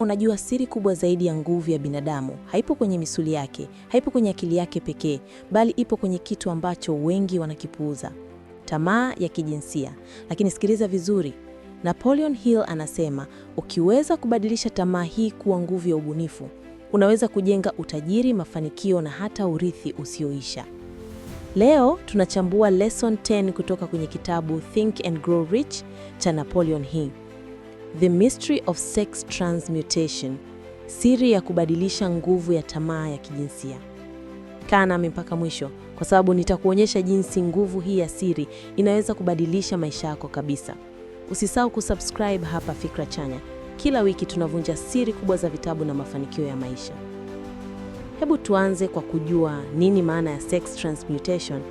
Unajua, siri kubwa zaidi ya nguvu ya binadamu haipo kwenye misuli yake, haipo kwenye akili yake pekee, bali ipo kwenye kitu ambacho wengi wanakipuuza: tamaa ya kijinsia. Lakini sikiliza vizuri, Napoleon Hill anasema ukiweza kubadilisha tamaa hii kuwa nguvu ya ubunifu, unaweza kujenga utajiri, mafanikio na hata urithi usioisha. Leo tunachambua lesson 10 kutoka kwenye kitabu Think and Grow Rich cha Napoleon Hill. The Mystery of Sex Transmutation, siri ya kubadilisha nguvu ya tamaa ya kijinsia. Kaa nami mpaka mwisho kwa sababu nitakuonyesha jinsi nguvu hii ya siri inaweza kubadilisha maisha yako kabisa. Usisahau kusubscribe hapa Fikra Chanya. Kila wiki tunavunja siri kubwa za vitabu na mafanikio ya maisha. Hebu tuanze kwa kujua nini maana ya sex transmutation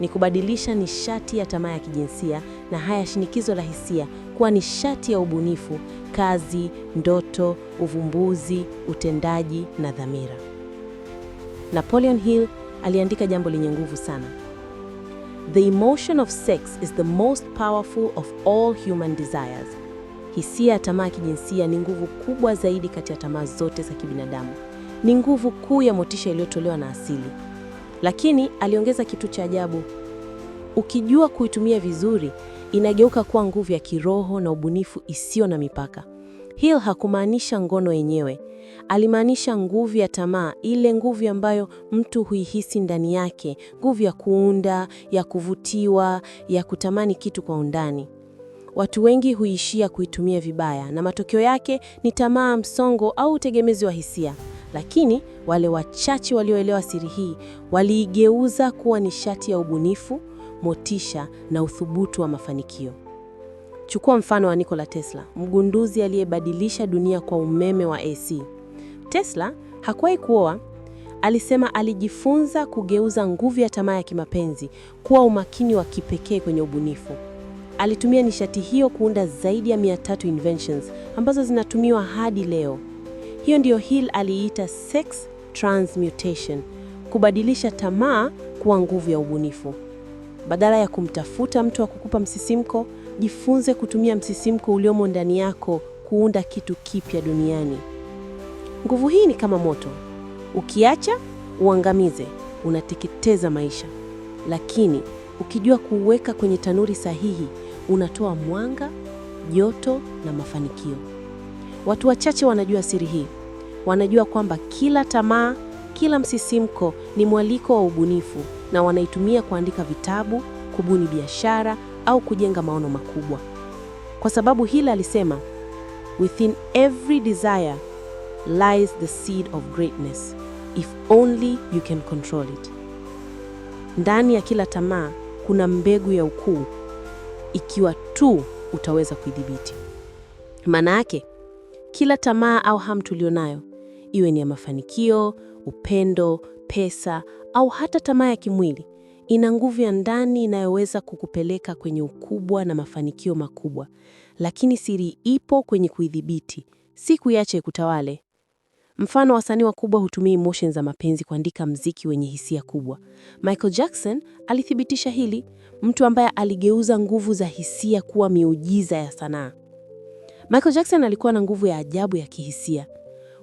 ni kubadilisha nishati ya tamaa ya kijinsia na haya shinikizo la hisia kuwa nishati ya ubunifu, kazi, ndoto, uvumbuzi, utendaji na dhamira. Napoleon Hill aliandika jambo lenye nguvu sana. The emotion of sex is the most powerful of all human desires. Hisia ya tamaa ya kijinsia ni nguvu kubwa zaidi kati ya tamaa zote za kibinadamu. Ni nguvu kuu ya motisha iliyotolewa na asili. Lakini aliongeza kitu cha ajabu: ukijua kuitumia vizuri, inageuka kuwa nguvu ya kiroho na ubunifu isiyo na mipaka. Hill hakumaanisha ngono yenyewe, alimaanisha nguvu ya tamaa, ile nguvu ambayo mtu huihisi ndani yake, nguvu ya kuunda, ya kuvutiwa, ya kutamani kitu kwa undani. Watu wengi huishia kuitumia vibaya, na matokeo yake ni tamaa, msongo au utegemezi wa hisia. Lakini wale wachache walioelewa siri hii waliigeuza kuwa nishati ya ubunifu, motisha na uthubutu wa mafanikio. Chukua mfano wa Nikola Tesla, mgunduzi aliyebadilisha dunia kwa umeme wa AC. Tesla hakuwahi kuoa. Alisema alijifunza kugeuza nguvu ya tamaa ya kimapenzi kuwa umakini wa kipekee kwenye ubunifu. Alitumia nishati hiyo kuunda zaidi ya 300 inventions ambazo zinatumiwa hadi leo. Hiyo ndiyo Hill aliita sex transmutation, kubadilisha tamaa kuwa nguvu ya ubunifu. Badala ya kumtafuta mtu wa kukupa msisimko, jifunze kutumia msisimko uliomo ndani yako kuunda kitu kipya duniani. Nguvu hii ni kama moto, ukiacha uangamize, unateketeza maisha, lakini ukijua kuuweka kwenye tanuri sahihi, unatoa mwanga, joto na mafanikio. Watu wachache wanajua siri hii. Wanajua kwamba kila tamaa, kila msisimko ni mwaliko wa ubunifu, na wanaitumia kuandika vitabu, kubuni biashara au kujenga maono makubwa, kwa sababu Hill alisema within every desire lies the seed of greatness if only you can control it. Ndani ya kila tamaa kuna mbegu ya ukuu, ikiwa tu utaweza kuidhibiti. Maana yake kila tamaa au hamu tulionayo, iwe ni ya mafanikio, upendo, pesa au hata tamaa ya kimwili, ina nguvu ya ndani inayoweza kukupeleka kwenye ukubwa na mafanikio makubwa. Lakini siri ipo kwenye kuidhibiti, si kuiacha ikutawale. Mfano, wasanii wakubwa hutumia emotions za mapenzi kuandika mziki wenye hisia kubwa. Michael Jackson alithibitisha hili, mtu ambaye aligeuza nguvu za hisia kuwa miujiza ya sanaa. Michael Jackson alikuwa na nguvu ya ajabu ya kihisia.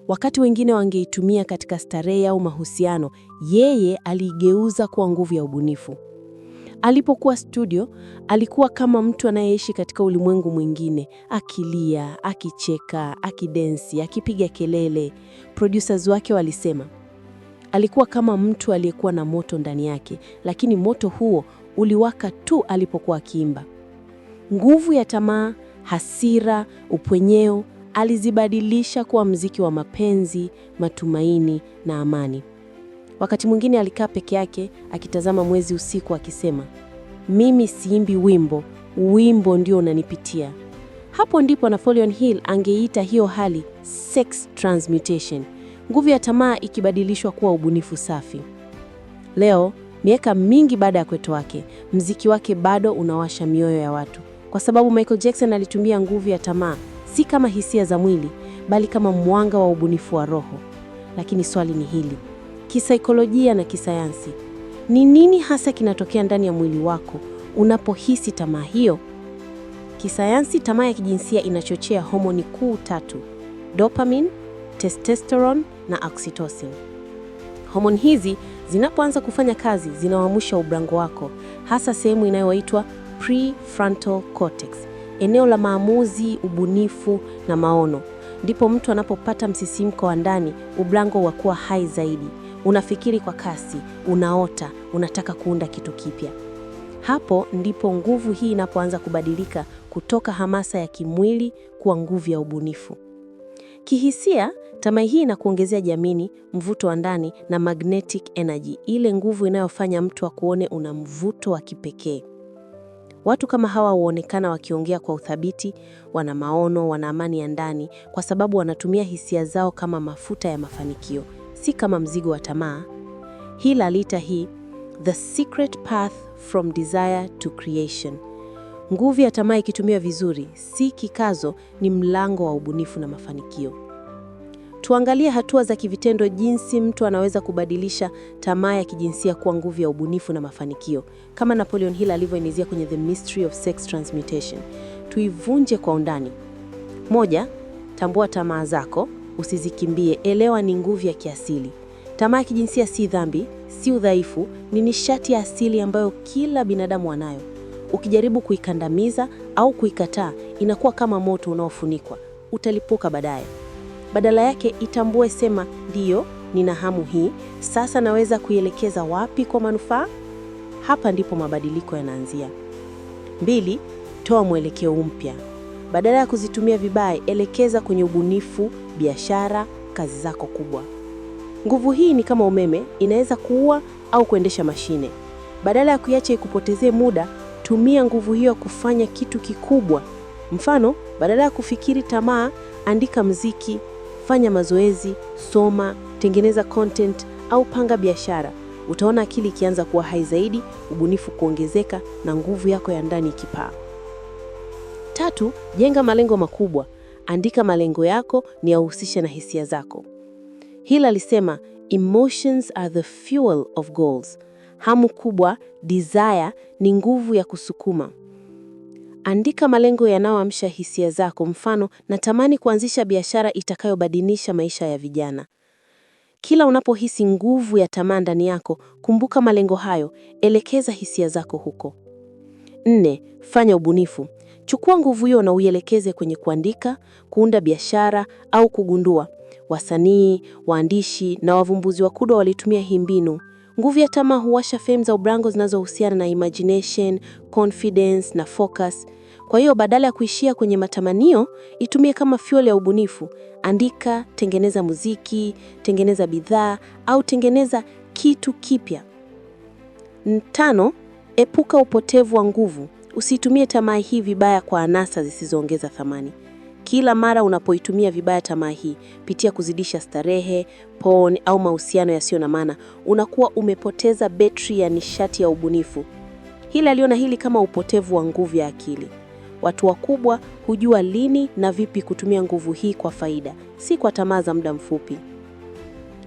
Wakati wengine wangeitumia katika starehe au mahusiano, yeye aliigeuza kuwa nguvu ya ubunifu. Alipokuwa studio, alikuwa kama mtu anayeishi katika ulimwengu mwingine, akilia, akicheka, akidensi, akipiga kelele. Producers wake walisema alikuwa kama mtu aliyekuwa na moto ndani yake, lakini moto huo uliwaka tu alipokuwa akiimba. Nguvu ya tamaa hasira, upwenyeo, alizibadilisha kuwa mziki wa mapenzi, matumaini na amani. Wakati mwingine alikaa peke yake akitazama mwezi usiku, akisema, mimi siimbi wimbo, wimbo ndio unanipitia. Hapo ndipo Napoleon Hill angeita hiyo hali sex transmutation, nguvu ya tamaa ikibadilishwa kuwa ubunifu safi. Leo miaka mingi baada ya kweto wake, mziki wake bado unawasha mioyo ya watu kwa sababu Michael Jackson alitumia nguvu ya tamaa, si kama hisia za mwili, bali kama mwanga wa ubunifu wa roho. Lakini swali ni hili, kisaikolojia na kisayansi, ni nini hasa kinatokea ndani ya mwili wako unapohisi tamaa hiyo? Kisayansi, tamaa ya kijinsia inachochea homoni kuu tatu: dopamine, testosterone na oxytocin. Homoni hizi zinapoanza kufanya kazi, zinawamusha ubrango wako, hasa sehemu inayoitwa prefrontal cortex, eneo la maamuzi, ubunifu na maono. Ndipo mtu anapopata msisimko wa ndani, ublango wa kuwa hai zaidi. Unafikiri kwa kasi, unaota, unataka kuunda kitu kipya. Hapo ndipo nguvu hii inapoanza kubadilika kutoka hamasa ya kimwili kuwa nguvu ya ubunifu. Kihisia, tamaa hii inakuongezea jamini, mvuto wa ndani na magnetic energy, ile nguvu inayofanya mtu akuone una mvuto wa kipekee. Watu kama hawa huonekana wakiongea kwa uthabiti, wana maono, wana amani ya ndani, kwa sababu wanatumia hisia zao kama mafuta ya mafanikio, si kama mzigo wa tamaa. Hii lalita hii The Secret Path from Desire to Creation, nguvu ya tamaa ikitumia vizuri, si kikazo, ni mlango wa ubunifu na mafanikio. Tuangalie hatua za kivitendo, jinsi mtu anaweza kubadilisha tamaa ya kijinsia kuwa nguvu ya ubunifu na mafanikio, kama Napoleon Hill alivyoelezea kwenye The Mystery of Sex Transmutation. Tuivunje kwa undani. Moja, tambua tamaa zako, usizikimbie. Elewa ni nguvu ya kiasili. Tamaa ya kijinsia si dhambi, si udhaifu, ni nishati ya asili ambayo kila binadamu anayo. Ukijaribu kuikandamiza au kuikataa, inakuwa kama moto unaofunikwa, utalipuka baadaye. Badala yake itambue, sema ndiyo, nina hamu hii, sasa naweza kuielekeza wapi kwa manufaa? Hapa ndipo mabadiliko yanaanzia. Mbili, toa mwelekeo mpya. Badala ya kuzitumia vibaya, elekeza kwenye ubunifu, biashara, kazi zako kubwa. Nguvu hii ni kama umeme, inaweza kuua au kuendesha mashine. Badala ya kuiacha ikupotezee muda, tumia nguvu hiyo kufanya kitu kikubwa. Mfano, badala ya kufikiri tamaa, andika mziki, fanya mazoezi, soma, tengeneza content au panga biashara. Utaona akili ikianza kuwa hai zaidi, ubunifu kuongezeka na nguvu yako ya ndani ikipaa. Tatu, jenga malengo makubwa. Andika malengo yako ni yahusishe na hisia zako. Hill alisema emotions are the fuel of goals. Hamu kubwa, desire, ni nguvu ya kusukuma. Andika malengo yanayoamsha hisia zako, mfano natamani kuanzisha biashara itakayobadilisha maisha ya vijana. Kila unapohisi nguvu ya tamaa ndani yako, kumbuka malengo hayo, elekeza hisia zako huko. Nne, fanya ubunifu. Chukua nguvu hiyo na uielekeze kwenye kuandika, kuunda biashara au kugundua. Wasanii, waandishi na wavumbuzi wakubwa walitumia hii mbinu. Nguvu ya tamaa huwasha fehemu za ubrango zinazohusiana na imagination, confidence na focus. Kwa hiyo badala ya kuishia kwenye matamanio, itumie kama fuel ya ubunifu. Andika, tengeneza muziki, tengeneza bidhaa au tengeneza kitu kipya. Tano, epuka upotevu wa nguvu. Usitumie tamaa hii vibaya kwa anasa zisizoongeza thamani. Kila mara unapoitumia vibaya tamaa hii, pitia kuzidisha starehe, porn au mahusiano yasiyo na maana, unakuwa umepoteza betri ya nishati ya ubunifu. Hili aliona hili kama upotevu wa nguvu ya akili. Watu wakubwa hujua lini na vipi kutumia nguvu hii kwa faida, si kwa tamaa za muda mfupi.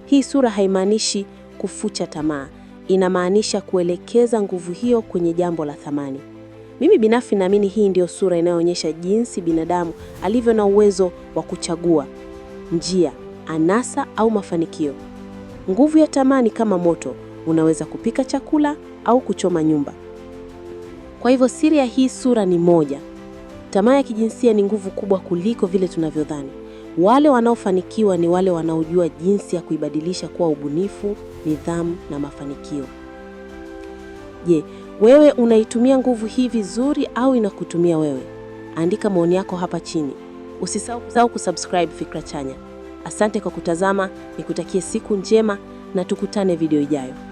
Hii sura haimaanishi kufucha tamaa, inamaanisha kuelekeza nguvu hiyo kwenye jambo la thamani. Mimi binafsi naamini hii ndiyo sura inayoonyesha jinsi binadamu alivyo na uwezo wa kuchagua njia, anasa au mafanikio. Nguvu ya tamaa ni kama moto, unaweza kupika chakula au kuchoma nyumba. Kwa hivyo siri ya hii sura ni moja. Tamaa ya kijinsia ni nguvu kubwa kuliko vile tunavyodhani. Wale wanaofanikiwa ni wale wanaojua jinsi ya kuibadilisha kuwa ubunifu, nidhamu na mafanikio. Je, wewe unaitumia nguvu hii vizuri au inakutumia wewe? Andika maoni yako hapa chini. Usisahau kusubscribe Fikra Chanya. Asante kwa kutazama, nikutakie siku njema na tukutane video ijayo.